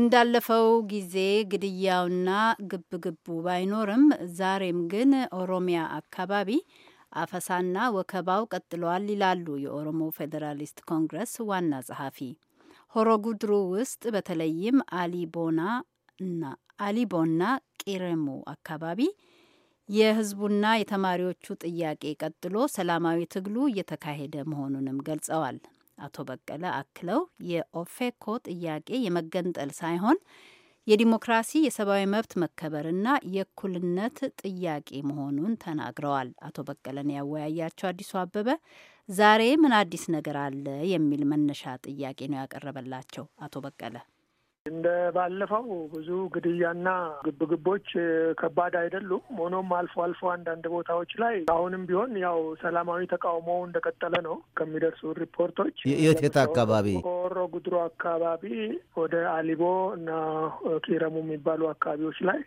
እንዳለፈው ጊዜ ግድያውና ግብግቡ ባይኖርም ዛሬም ግን ኦሮሚያ አካባቢ አፈሳና ወከባው ቀጥለዋል ይላሉ የኦሮሞ ፌዴራሊስት ኮንግረስ ዋና ጸሐፊ። ሆሮጉድሩ ውስጥ በተለይም አሊቦና እና አሊቦና ቂሬሙ አካባቢ የህዝቡና የተማሪዎቹ ጥያቄ ቀጥሎ ሰላማዊ ትግሉ እየተካሄደ መሆኑንም ገልጸዋል። አቶ በቀለ አክለው የኦፌኮ ጥያቄ የመገንጠል ሳይሆን የዲሞክራሲ የሰብአዊ መብት መከበርና የእኩልነት ጥያቄ መሆኑን ተናግረዋል። አቶ በቀለን ያወያያቸው አዲሱ አበበ ዛሬ ምን አዲስ ነገር አለ የሚል መነሻ ጥያቄ ነው ያቀረበላቸው አቶ በቀለ እንደ ባለፈው ብዙ ግድያና ግብግቦች ከባድ አይደሉም። ሆኖም አልፎ አልፎ አንዳንድ ቦታዎች ላይ አሁንም ቢሆን ያው ሰላማዊ ተቃውሞ እንደቀጠለ ነው። ከሚደርሱ ሪፖርቶች የት የት አካባቢ ሆሮ ጉድሮ አካባቢ ወደ አሊቦ እና ኪረሙ የሚባሉ አካባቢዎች ላይ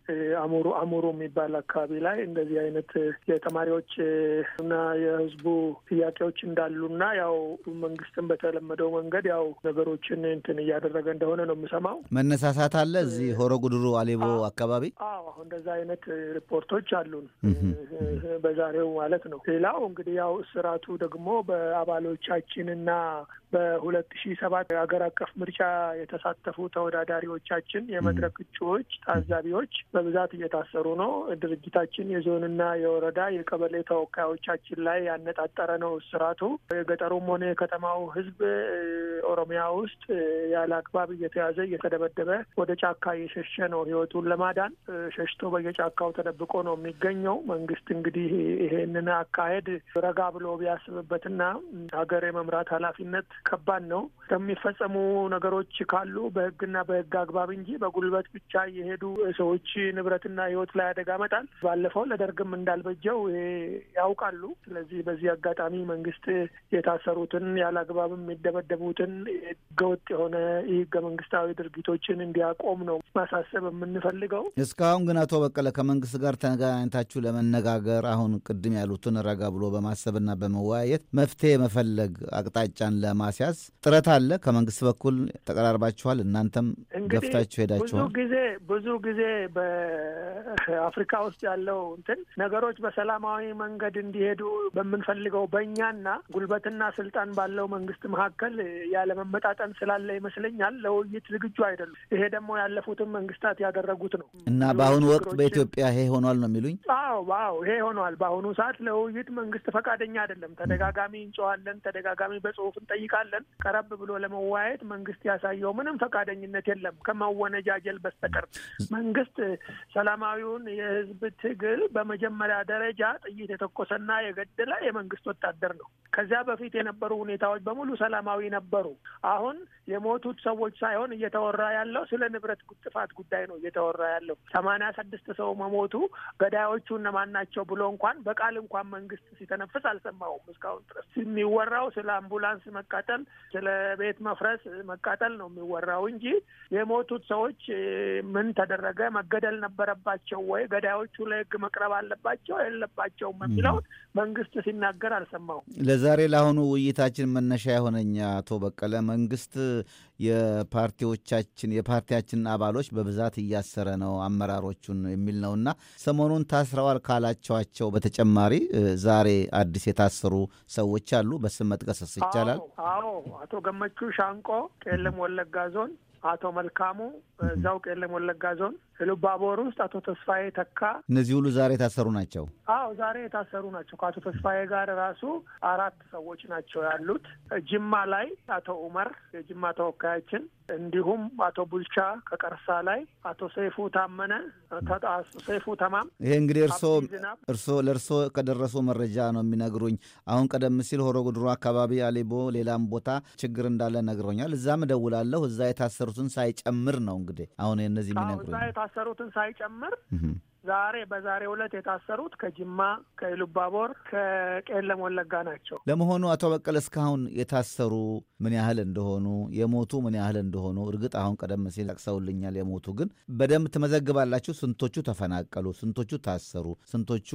አሙሩ አሙሩ የሚባል አካባቢ ላይ እንደዚህ አይነት የተማሪዎች እና የህዝቡ ጥያቄዎች እንዳሉና ያው መንግስትን በተለመደው መንገድ ያው ነገሮችን እንትን እያደረገ እንደሆነ ነው የምሰማው። መነሳሳት አለ እዚህ ሆሮ ጉድሩ አሌቦ አካባቢ። አዎ እንደዛ አይነት ሪፖርቶች አሉን በዛሬው ማለት ነው። ሌላው እንግዲህ ያው እስራቱ ደግሞ በአባሎቻችንና በሁለት ሺህ ሰባት ሀገር አቀፍ ምርጫ የተሳተፉ ተወዳዳሪዎቻችን የመድረክ እጩዎች፣ ታዛቢዎች በብዛት እየታሰሩ ነው። ድርጅታችን የዞንና የወረዳ የቀበሌ ተወካዮቻችን ላይ ያነጣጠረ ነው እስራቱ። የገጠሩም ሆነ የከተማው ህዝብ ኦሮሚያ ውስጥ ያለ አግባብ እየተያዘ እየተደበደበ ወደ ጫካ እየሸሸ ነው ህይወቱን ለማዳን ሸሽቶ በየጫካው ተደብቆ ነው የሚገኘው። መንግስት እንግዲህ ይሄንን አካሄድ ረጋ ብሎ ቢያስብበትና ሀገር የመምራት ኃላፊነት ከባድ ነው። ከሚፈጸሙ ነገሮች ካሉ በህግና በህግ አግባብ እንጂ በጉልበት ብቻ እየሄዱ ሰዎች ንብረትና ህይወት ላይ አደጋ መጣል ባለፈው ለደርግም እንዳልበጀው ይሄ ያውቃሉ። ስለዚህ በዚህ አጋጣሚ መንግስት የታሰሩትን ያለ አግባብም የሚደበደቡትን ህገወጥ የሆነ ህገ መንግስታዊ ድርጊት ድርጊቶችን እንዲያቆም ነው ማሳሰብ የምንፈልገው። እስካሁን ግን አቶ በቀለ ከመንግስት ጋር ተገናኝታችሁ ለመነጋገር አሁን ቅድም ያሉትን ረጋ ብሎ በማሰብና በመወያየት መፍትሄ መፈለግ አቅጣጫን ለማስያዝ ጥረት አለ። ከመንግስት በኩል ተቀራርባችኋል። እናንተም ገፍታችሁ ሄዳችኋል። ብዙ ጊዜ ብዙ ጊዜ በአፍሪካ ውስጥ ያለው እንትን ነገሮች በሰላማዊ መንገድ እንዲሄዱ በምንፈልገው በእኛና ጉልበትና ስልጣን ባለው መንግስት መካከል ያለመመጣጠን ስላለ ይመስለኛል ለውይይት ዝግጁ አይደሉም። ይሄ ደግሞ ያለፉትን መንግስታት ያደረጉት ነው እና በአሁኑ ወቅት በኢትዮጵያ ይሄ ሆኗል ነው የሚሉኝ? አዎ አዎ፣ ይሄ ሆኗል። በአሁኑ ሰዓት ለውይይት መንግስት ፈቃደኛ አይደለም። ተደጋጋሚ እንጨዋለን፣ ተደጋጋሚ በጽሁፍ እንጠይቃለን። ቀረብ ብሎ ለመወያየት መንግስት ያሳየው ምንም ፈቃደኝነት የለም ከመወነጃጀል በስተቀር። መንግስት ሰላማዊውን የህዝብ ትግል በመጀመሪያ ደረጃ ጥይት የተኮሰና የገደለ የመንግስት ወታደር ነው። ከዚያ በፊት የነበሩ ሁኔታዎች በሙሉ ሰላማዊ ነበሩ። አሁን የሞቱት ሰዎች ሳይሆን እየተወረ እየተወራ ያለው ስለ ንብረት ጥፋት ጉዳይ ነው እየተወራ ያለው። ሰማንያ ስድስት ሰው መሞቱ ገዳዮቹ እነማን ናቸው ብሎ እንኳን በቃል እንኳን መንግስት ሲተነፍስ አልሰማውም እስካሁን ድረስ። የሚወራው ስለ አምቡላንስ መቃጠል፣ ስለ ቤት መፍረስ መቃጠል ነው የሚወራው እንጂ የሞቱት ሰዎች ምን ተደረገ፣ መገደል ነበረባቸው ወይ፣ ገዳዮቹ ለህግ መቅረብ አለባቸው የለባቸውም የሚለውን መንግስት ሲናገር አልሰማውም። ለዛሬ ለአሁኑ ውይይታችን መነሻ የሆነኝ አቶ በቀለ መንግስት የፓርቲዎቻችን የፓርቲያችን አባሎች በብዛት እያሰረ ነው አመራሮቹን የሚል ነውና ሰሞኑን ታስረዋል ካላቸዋቸው በተጨማሪ ዛሬ አዲስ የታሰሩ ሰዎች አሉ። በስም መጥቀስስ ይቻላል? አዎ፣ አቶ ገመቹ ሻንቆ ቄለም ወለጋ ዞን፣ አቶ መልካሙ እዛው ቄለም ወለጋ ዞን ባቡር ውስጥ አቶ ተስፋዬ ተካ፣ እነዚህ ሁሉ ዛሬ የታሰሩ ናቸው። አዎ ዛሬ የታሰሩ ናቸው። ከአቶ ተስፋዬ ጋር ራሱ አራት ሰዎች ናቸው ያሉት። ጅማ ላይ አቶ ኡመር የጅማ ተወካያችን፣ እንዲሁም አቶ ቡልቻ ከቀርሳ ላይ አቶ ሰይፉ ታመነ፣ ሰይፉ ተማም። ይሄ እንግዲህ እርሶ እርሶ ለእርሶ ከደረሱ መረጃ ነው የሚነግሩኝ። አሁን ቀደም ሲል ሆሮ ጉድሩ አካባቢ አሌቦ፣ ሌላም ቦታ ችግር እንዳለ ነግሮኛል። እዛም እደውላለሁ። እዛ የታሰሩትን ሳይጨምር ነው እንግዲህ አሁን እነዚህ የሚነግሩኝ የታሰሩትን ሳይጨምር ዛሬ በዛሬ ዕለት የታሰሩት ከጅማ፣ ከኢሉባቦር፣ ከቄለም ወለጋ ናቸው። ለመሆኑ አቶ በቀለ እስካሁን የታሰሩ ምን ያህል እንደሆኑ የሞቱ ምን ያህል እንደሆኑ እርግጥ አሁን ቀደም ሲል ጠቅሰውልኛል። የሞቱ ግን በደንብ ትመዘግባላችሁ? ስንቶቹ ተፈናቀሉ፣ ስንቶቹ ታሰሩ፣ ስንቶቹ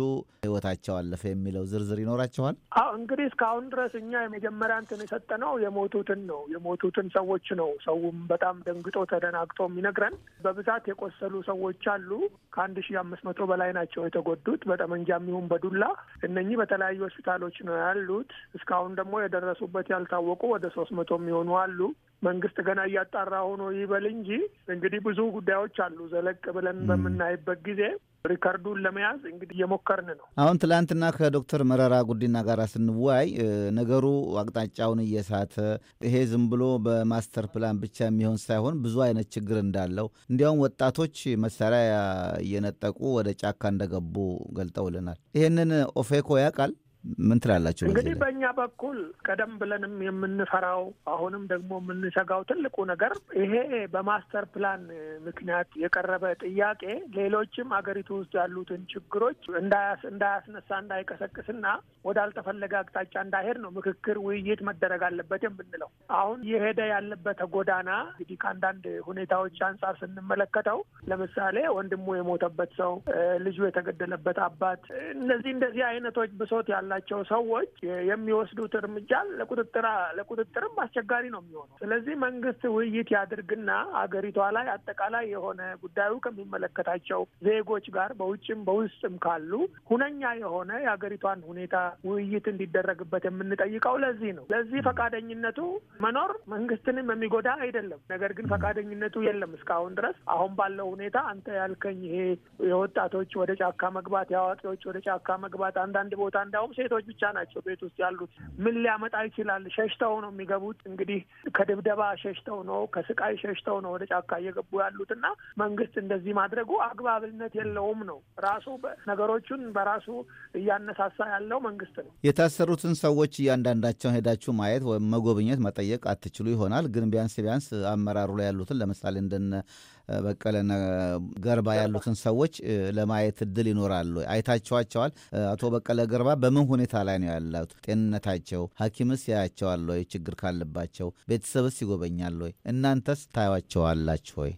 ህይወታቸው አለፈ የሚለው ዝርዝር ይኖራቸዋል? አዎ እንግዲህ እስካሁን ድረስ እኛ የመጀመሪያ እንትን የሰጠነው የሞቱትን ነው። የሞቱትን ሰዎች ነው። ሰውም በጣም ደንግጦ ተደናግጦ የሚነግረን በብዛት የቆሰሉ ሰዎች አሉ ከአንድ ሺህ አምስት ከአምስት መቶ በላይ ናቸው የተጎዱት በጠመንጃም ይሁን በዱላ። እነኚህ በተለያዩ ሆስፒታሎች ነው ያሉት። እስካሁን ደግሞ የደረሱበት ያልታወቁ ወደ ሶስት መቶ የሚሆኑ አሉ። መንግስት ገና እያጣራ ሆኖ ይበል እንጂ እንግዲህ ብዙ ጉዳዮች አሉ። ዘለቅ ብለን በምናይበት ጊዜ ሪከርዱን ለመያዝ እንግዲህ እየሞከርን ነው። አሁን ትላንትና ከዶክተር መረራ ጉዲና ጋር ስንወያይ ነገሩ አቅጣጫውን እየሳተ ይሄ ዝም ብሎ በማስተር ፕላን ብቻ የሚሆን ሳይሆን ብዙ አይነት ችግር እንዳለው እንዲያውም ወጣቶች መሳሪያ እየነጠቁ ወደ ጫካ እንደገቡ ገልጠውልናል። ይህንን ኦፌኮ ያውቃል። ምን ትላላችሁ? እንግዲህ በእኛ በኩል ቀደም ብለንም የምንፈራው አሁንም ደግሞ የምንሰጋው ትልቁ ነገር ይሄ በማስተር ፕላን ምክንያት የቀረበ ጥያቄ ሌሎችም አገሪቱ ውስጥ ያሉትን ችግሮች እንዳያስነሳ እንዳይቀሰቅስና ወዳልተፈለገ አቅጣጫ እንዳይሄድ ነው ምክክር፣ ውይይት መደረግ አለበት የምንለው። አሁን የሄደ ያለበት ጎዳና እንግዲህ ከአንዳንድ ሁኔታዎች አንጻር ስንመለከተው ለምሳሌ ወንድሙ የሞተበት ሰው፣ ልጁ የተገደለበት አባት፣ እነዚህ እንደዚህ አይነቶች ብሶት ያለ ያላቸው ሰዎች የሚወስዱት እርምጃ ለቁጥጥር ለቁጥጥርም አስቸጋሪ ነው የሚሆነው። ስለዚህ መንግስት ውይይት ያድርግና አገሪቷ ላይ አጠቃላይ የሆነ ጉዳዩ ከሚመለከታቸው ዜጎች ጋር በውጭም በውስጥም ካሉ ሁነኛ የሆነ የአገሪቷን ሁኔታ ውይይት እንዲደረግበት የምንጠይቀው ለዚህ ነው። ለዚህ ፈቃደኝነቱ መኖር መንግስትንም የሚጎዳ አይደለም። ነገር ግን ፈቃደኝነቱ የለም እስካሁን ድረስ። አሁን ባለው ሁኔታ አንተ ያልከኝ ይሄ የወጣቶች ወደ ጫካ መግባት፣ የአዋቂዎች ወደ ጫካ መግባት አንዳንድ ቦታ እንዳውም ሴቶች ብቻ ናቸው ቤት ውስጥ ያሉት። ምን ሊያመጣ ይችላል? ሸሽተው ነው የሚገቡት። እንግዲህ ከድብደባ ሸሽተው ነው፣ ከስቃይ ሸሽተው ነው ወደ ጫካ እየገቡ ያሉት እና መንግስት እንደዚህ ማድረጉ አግባብነት የለውም ነው። ራሱ ነገሮቹን በራሱ እያነሳሳ ያለው መንግስት ነው። የታሰሩትን ሰዎች እያንዳንዳቸውን ሄዳችሁ ማየት ወይም መጎብኘት መጠየቅ አትችሉ ይሆናል። ግን ቢያንስ ቢያንስ አመራሩ ላይ ያሉትን ለምሳሌ እንደነ በቀለነ ገርባ ያሉትን ሰዎች ለማየት እድል ይኖራሉ። አይታችኋቸዋል? አቶ በቀለ ገርባ በምን ሁኔታ ላይ ነው ያላት? ጤንነታቸው ሐኪምስ ያያቸዋል ወይ? ችግር ካለባቸው ቤተሰብስ ይጎበኛል ወይ? እናንተስ ታዩዋቸዋላችሁ ወይ?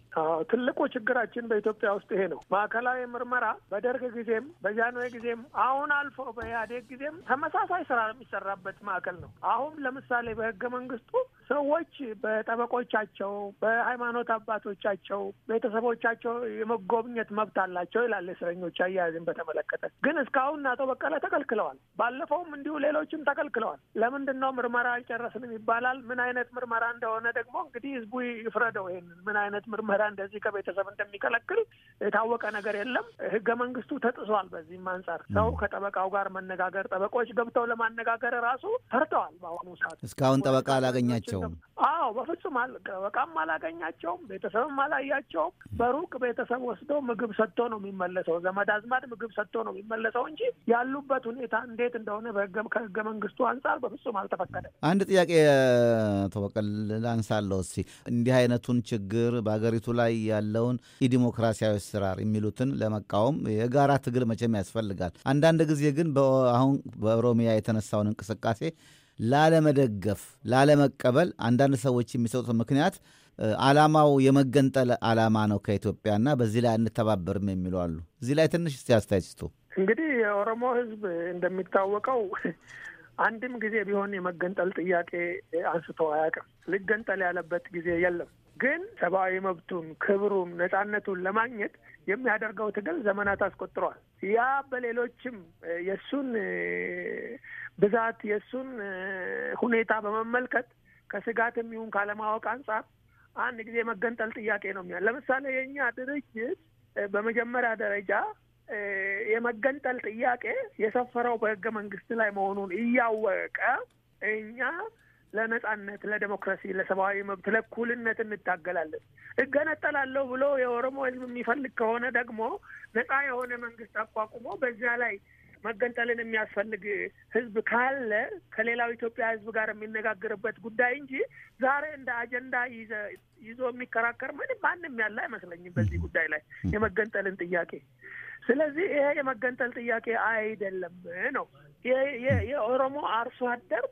ትልቁ ችግራችን በኢትዮጵያ ውስጥ ይሄ ነው። ማዕከላዊ ምርመራ በደርግ ጊዜም በጃንሆይ ጊዜም አሁን አልፎ በኢህአዴግ ጊዜም ተመሳሳይ ስራ የሚሰራበት ማዕከል ነው። አሁን ለምሳሌ በህገ መንግስቱ ሰዎች በጠበቆቻቸው፣ በሃይማኖት አባቶቻቸው፣ ቤተሰቦቻቸው የመጎብኘት መብት አላቸው ይላል እስረኞች አያያዝን በተመለከተ ግን እስካሁን አቶ በቀለ ተከልክለዋል። ባለፈውም እንዲሁ ሌሎችም ተከልክለዋል። ለምንድን ነው ምርመራ አልጨረስንም ይባላል። ምን አይነት ምርመራ እንደሆነ ደግሞ እንግዲህ ህዝቡ ይፍረደው። ይሄንን ምን አይነት ምርመራ እንደዚህ ከቤተሰብ እንደሚከለክል የታወቀ ነገር የለም። ህገ መንግስቱ ተጥሷል። በዚህም አንጻር ሰው ከጠበቃው ጋር መነጋገር፣ ጠበቆች ገብተው ለማነጋገር ራሱ ፈርተዋል። በአሁኑ ሰዓት እስካሁን ጠበቃ አላገኛቸውም። አዎ በፍጹም ጠበቃም አላገኛቸውም፣ ቤተሰብም አላያቸውም። በሩቅ ቤተሰብ ወስዶ ምግብ ሰጥቶ ነው የሚመለሰው። ዘመድ አዝማድ ምግብ ሰጥቶ ነው የሚመለሰው እንጂ ያሉበት ሁኔታ እንዴት እንዴት እንደሆነ ከህገ መንግስቱ አንጻር በፍጹም አልተፈቀደም። አንድ ጥያቄ ተወቀል ላንሳለሁ። እስኪ እንዲህ አይነቱን ችግር በሀገሪቱ ላይ ያለውን የዲሞክራሲያዊ ስራር የሚሉትን ለመቃወም የጋራ ትግል መቼም ያስፈልጋል። አንዳንድ ጊዜ ግን አሁን በኦሮሚያ የተነሳውን እንቅስቃሴ ላለመደገፍ፣ ላለመቀበል አንዳንድ ሰዎች የሚሰጡት ምክንያት አላማው የመገንጠል አላማ ነው ከኢትዮጵያና በዚህ ላይ አንተባበርም የሚሉ አሉ። እዚህ ላይ ትንሽ እስቲ አስተያየት ስጡ። እንግዲህ የኦሮሞ ህዝብ እንደሚታወቀው አንድም ጊዜ ቢሆን የመገንጠል ጥያቄ አንስቶ አያውቅም። ሊገንጠል ያለበት ጊዜ የለም። ግን ሰብአዊ መብቱን፣ ክብሩን፣ ነጻነቱን ለማግኘት የሚያደርገው ትግል ዘመናት አስቆጥሯል። ያ በሌሎችም የእሱን ብዛት የእሱን ሁኔታ በመመልከት ከስጋት የሚሆን ካለማወቅ አንጻር አንድ ጊዜ የመገንጠል ጥያቄ ነው የሚያል ለምሳሌ የእኛ ድርጅት በመጀመሪያ ደረጃ የመገንጠል ጥያቄ የሰፈረው በህገ መንግስት ላይ መሆኑን እያወቀ እኛ ለነጻነት፣ ለዲሞክራሲ ለሰብአዊ መብት፣ ለእኩልነት እንታገላለን። እገነጠላለሁ ብሎ የኦሮሞ ህዝብ የሚፈልግ ከሆነ ደግሞ ነጻ የሆነ መንግስት አቋቁሞ በዚያ ላይ መገንጠልን የሚያስፈልግ ህዝብ ካለ ከሌላው ኢትዮጵያ ህዝብ ጋር የሚነጋገርበት ጉዳይ እንጂ ዛሬ እንደ አጀንዳ ይዞ የሚከራከር ምንም ማንም ያለ አይመስለኝም በዚህ ጉዳይ ላይ የመገንጠልን ጥያቄ። ስለዚህ ይሄ የመገንጠል ጥያቄ አይደለም ነው የኦሮሞ አርሶ አደር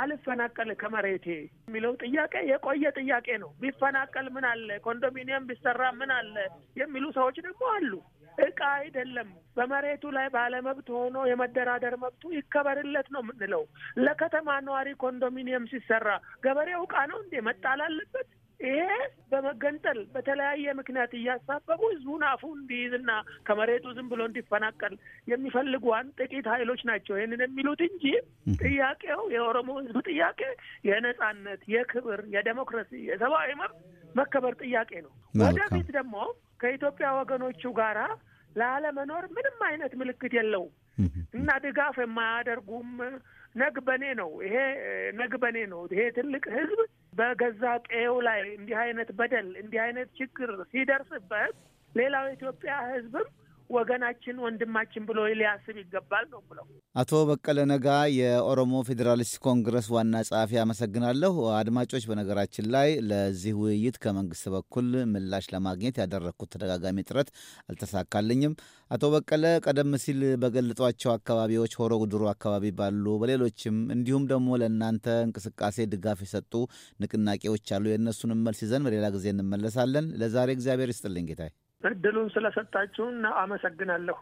አልፈናቀል ከመሬቴ የሚለው ጥያቄ የቆየ ጥያቄ ነው። ቢፈናቀል ምን አለ፣ ኮንዶሚኒየም ቢሰራ ምን አለ የሚሉ ሰዎች ደግሞ አሉ። እቃ አይደለም። በመሬቱ ላይ ባለመብት ሆኖ የመደራደር መብቱ ይከበርለት ነው የምንለው። ለከተማ ነዋሪ ኮንዶሚኒየም ሲሰራ ገበሬው እቃ ነው እንዴ መጣል አለበት? ይሄ በመገንጠል በተለያየ ምክንያት እያሳበቡ ህዝቡን አፉ እንዲይዝና ከመሬቱ ዝም ብሎ እንዲፈናቀል የሚፈልጉ አንድ ጥቂት ኃይሎች ናቸው ይህንን የሚሉት እንጂ ጥያቄው የኦሮሞ ህዝብ ጥያቄ የነጻነት፣ የክብር፣ የዴሞክራሲ፣ የሰብአዊ መብት መከበር ጥያቄ ነው። ወደፊት ደግሞ ከኢትዮጵያ ወገኖቹ ጋራ ላለመኖር ምንም አይነት ምልክት የለውም እና ድጋፍ የማያደርጉም ነግ በኔ ነው ይሄ ነግ በኔ ነው ይሄ ትልቅ ህዝብ በገዛ ቀየው ላይ እንዲህ አይነት በደል እንዲህ አይነት ችግር ሲደርስበት ሌላው የኢትዮጵያ ህዝብም ወገናችን ወንድማችን ብሎ ሊያስብ ይገባል ነው ብለው አቶ በቀለ ነጋ የኦሮሞ ፌዴራሊስት ኮንግረስ ዋና ጸሐፊ አመሰግናለሁ። አድማጮች፣ በነገራችን ላይ ለዚህ ውይይት ከመንግስት በኩል ምላሽ ለማግኘት ያደረግኩት ተደጋጋሚ ጥረት አልተሳካልኝም። አቶ በቀለ ቀደም ሲል በገለጧቸው አካባቢዎች ሆሮ ጉድሩ አካባቢ ባሉ በሌሎችም እንዲሁም ደግሞ ለእናንተ እንቅስቃሴ ድጋፍ የሰጡ ንቅናቄዎች አሉ። የእነሱን መልስ ይዘን በሌላ ጊዜ እንመለሳለን። ለዛሬ እግዚአብሔር ይስጥልኝ ጌታዬ። እድሉን ስለሰጣችሁን አመሰግናለሁ።